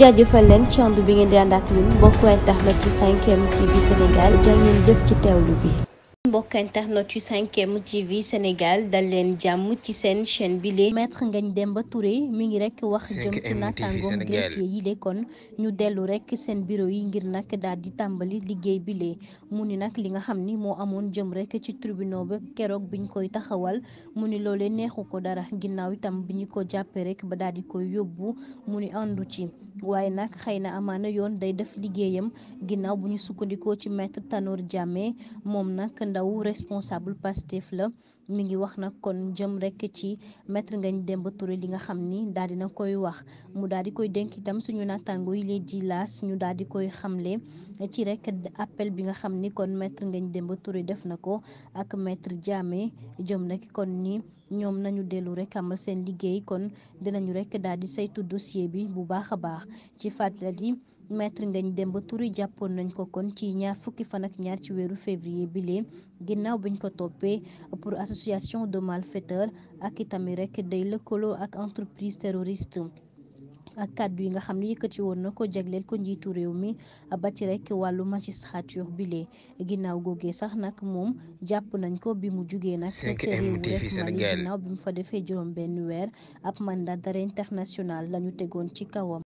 jaajëfal leen ci ànd bi ngeen di ànd ak ñun mbokku yu 5 TV Sénégal jaa jëf ci teewlu bi. mbokk internet yu 5 TV Sénégal dal leen jàmm ci seen chaîne bi lee maître dem ba Touré mi ngi rek wax jëm ci naataangoom greffier yi lee ñu dellu rekk seen bureau yi ngir nag daal di tàmbali liggéey bi lee mu ni nag li nga xam ni moo amoon jëm rek ci tribunal ba keroog biñ koy taxawal mu ni loolee neexu ko dara ginnaaw itam bi ñu ko jàppee rek ba daal di koy yóbbu mu àndu ci waaye nag xëy na amaana yoon day def liggéeyam ginnaaw bu ñu sukkandikoo ci maître Tanor Diamé moom nag ndaw responsable Pastef la mu ngi wax nag kon jëm rekk ci maître Ngagne Demba Touré li nga xam ni daal na koy wax mu daal di koy dénk itam suñu naataango yi lee di laas ñu daal di koy xamle ci rek appel bi nga xam ni kon maître Ngagne Demba Touré def na ko ak maître Diamé jëm rek kon ni ñoom nañu dellu rek amal seen liggéey kon dinañu rek daal di saytu dossier bi bu baax a baax ci fàttali maître Ngagne Demba Touré jàppoon nañ ko kon ci ñaar fukki fan ak ñaar ci weeru février bi lee ginnaaw biñ ko toppee pour association de malfaiteurs ak itami rek day lëkkaloo ak entreprise terroriste ak kàddu yi nga xam ne yëkkati woon na ko jagleel ko njiitu réew mi ba ci rek wàllu magistrature bile ginnaaw googee sax nag moom jàpp nañ ko bi mu jugee nag ca réewu rek Mali ginnaaw bi mu fa defee juróom benn weer ab mandat d'arrêt international la ñu tegoon ci kawam